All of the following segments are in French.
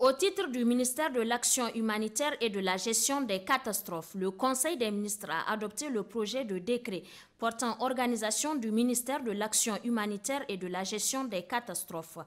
Au titre du ministère de l'Action humanitaire et de la gestion des catastrophes, le Conseil des ministres a adopté le projet de décret portant organisation du ministère de l'Action humanitaire et de la gestion des catastrophes.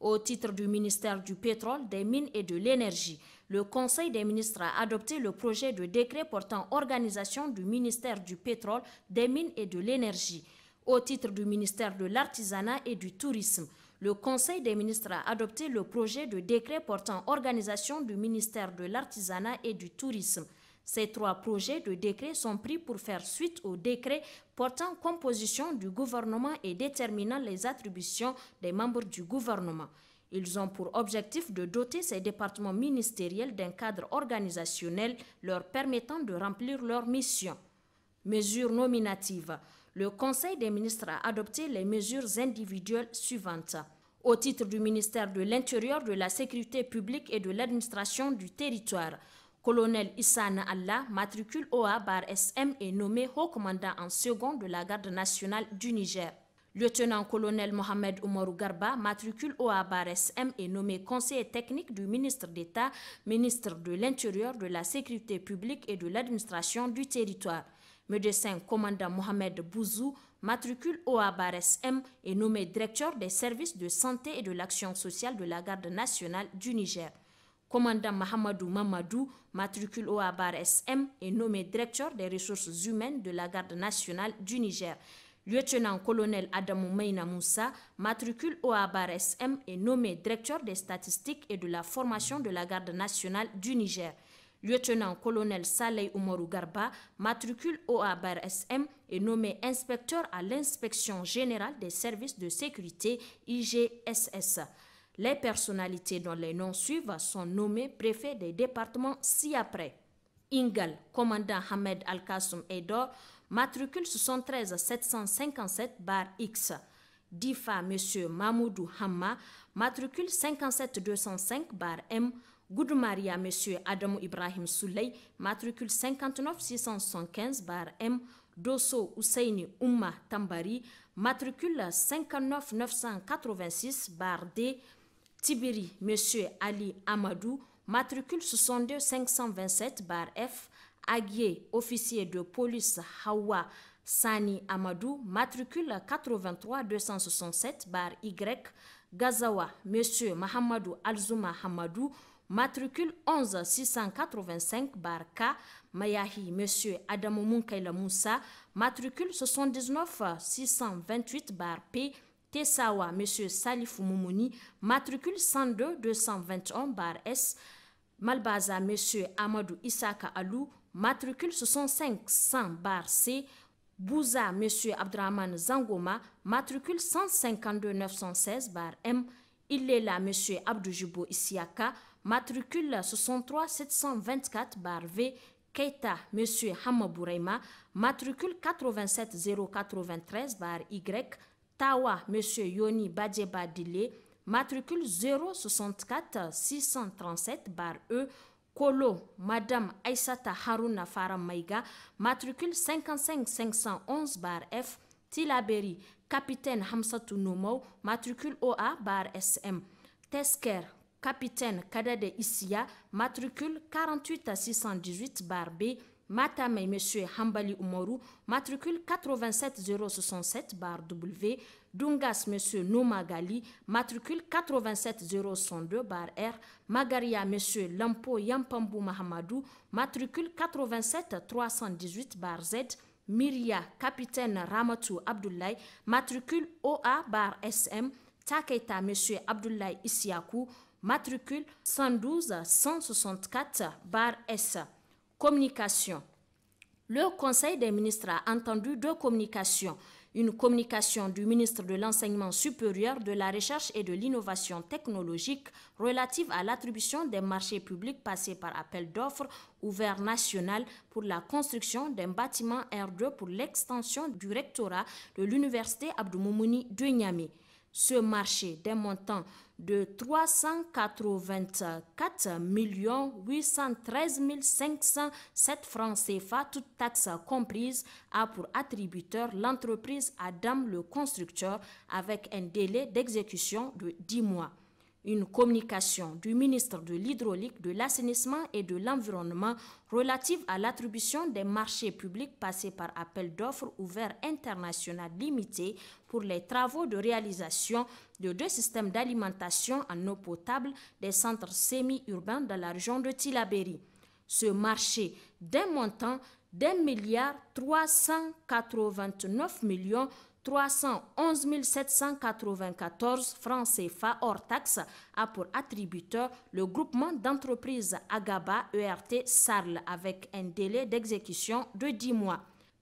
Au titre du ministère du Pétrole, des Mines et de l'Énergie, le Conseil des ministres a adopté le projet de décret portant organisation du ministère du Pétrole, des Mines et de l'Énergie. Au titre du ministère de l'Artisanat et du Tourisme, le Conseil des ministres a adopté le projet de décret portant organisation du ministère de l'Artisanat et du Tourisme. Ces trois projets de décret sont pris pour faire suite au décret portant composition du gouvernement et déterminant les attributions des membres du gouvernement. Ils ont pour objectif de doter ces départements ministériels d'un cadre organisationnel leur permettant de remplir leur mission. Mesures nominatives le Conseil des ministres a adopté les mesures individuelles suivantes. Au titre du ministère de l'Intérieur, de la Sécurité publique et de l'administration du territoire, colonel Issan Allah, matricule OA bar SM, est nommé haut commandant en second de la garde nationale du Niger. Lieutenant-colonel Mohamed Oumarou Garba, matricule bar sm est nommé conseiller technique du ministre d'État, ministre de l'Intérieur, de la Sécurité publique et de l'administration du territoire médecin commandant Mohamed Bouzou, matricule OABARES M, est nommé directeur des services de santé et de l'action sociale de la garde nationale du Niger. Commandant Mahamadou Mamadou, matricule OABAR-SM est nommé directeur des ressources humaines de la garde nationale du Niger. Lieutenant-colonel Adamou Meina Moussa, matricule OABAR-SM est nommé directeur des statistiques et de la formation de la garde nationale du Niger. Lieutenant-colonel Saleh Oumarou Garba, matricule OA-SM est nommé inspecteur à l'inspection générale des services de sécurité IGSS. Les personnalités dont les noms suivent sont nommés préfets des départements ci-après. Ingal, commandant Hamed Al-Kassoum Edor, matricule 73 757 bar X. Difa, M. Mahmoudou Hamma, matricule 57 205 bar M. Good Maria, M. Adam Ibrahim Souley, matricule 59675 bar M, Dosso Ousseini Umma Tambari, matricule 59-986, bar D, Tibiri, M. Ali Amadou, matricule 62 527 bar F, Aguier, officier de police Hawa Sani Amadou, matricule 83 267 bar Y, Gazawa, M. Mahamadou Alzuma Hamadou, matricule 11 685 k Mayahi Monsieur Adamo Munkaila Moussa, matricule 79 628 Bar P Tessawa Monsieur Salif Moumouni, matricule 102 221 Bar S Malbaza Monsieur Amadou Isaka Alou, matricule 65 100 Bar C Bouza Monsieur Abdraman Zangoma, matricule 152 916 Bar M il est M. Abdoujibo Issiaka, matricule 63 724 bar V Keita Monsieur Hamabouraima, matricule 87 bar Y Tawa Monsieur Yoni Badjeba Dile, matricule 064 637 bar E Kolo, Madame Aïsata Haruna Faramaïga, matricule 55 511 bar F, Tilaberi, Capitaine Hamsatou matricule OA bar SM. Tesker, capitaine Kadade Isia, matricule 48 618 B, Matame Monsieur Hambali Umoru, matricule 87067 bar W, Dungas Monsieur Nomagali, matricule 87062 bar R, Magaria M. Lampo Yampambu Mahamadou, matricule 87318 bar Z, Myria Capitaine Ramatou Abdoulaye, matricule OA bar SM, Taketa M. Abdoulaye Issiakou, matricule 112 164 bar S. Communication. Le Conseil des ministres a entendu deux communications. Une communication du ministre de l'Enseignement supérieur, de la Recherche et de l'Innovation technologique relative à l'attribution des marchés publics passés par appel d'offres ouvert national pour la construction d'un bâtiment R2 pour l'extension du rectorat de l'Université Abdou Moumouni de Niamey. Ce marché d'un de 384 813 507 francs CFA, toutes taxes comprises, a pour attributeur l'entreprise Adam le constructeur avec un délai d'exécution de 10 mois une communication du ministre de l'Hydraulique, de l'Assainissement et de l'Environnement relative à l'attribution des marchés publics passés par appel d'offres ouverts international limité pour les travaux de réalisation de deux systèmes d'alimentation en eau potable des centres semi-urbains dans la région de Tilaberi. Ce marché d'un montant d'un milliard 389 millions 311 794 francs CFA hors taxe a pour attributeur le groupement d'entreprises Agaba ERT Sarl avec un délai d'exécution de 10 mois.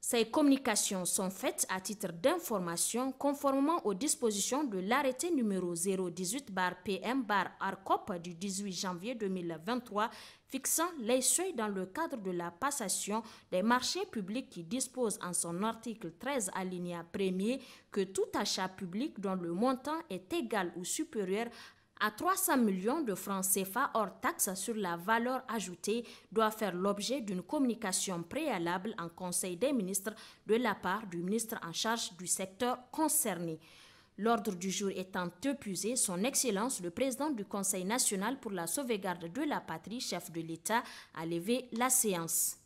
Ces communications sont faites à titre d'information conformément aux dispositions de l'arrêté numéro 018-PM-ARCOP du 18 janvier 2023 fixant les seuils dans le cadre de la passation des marchés publics qui dispose en son article 13 alinéa 1 que tout achat public dont le montant est égal ou supérieur à 300 millions de francs CFA hors taxe sur la valeur ajoutée doit faire l'objet d'une communication préalable en Conseil des ministres de la part du ministre en charge du secteur concerné. L'ordre du jour étant épuisé, son Excellence, le président du Conseil national pour la sauvegarde de la patrie, chef de l'État, a levé la séance.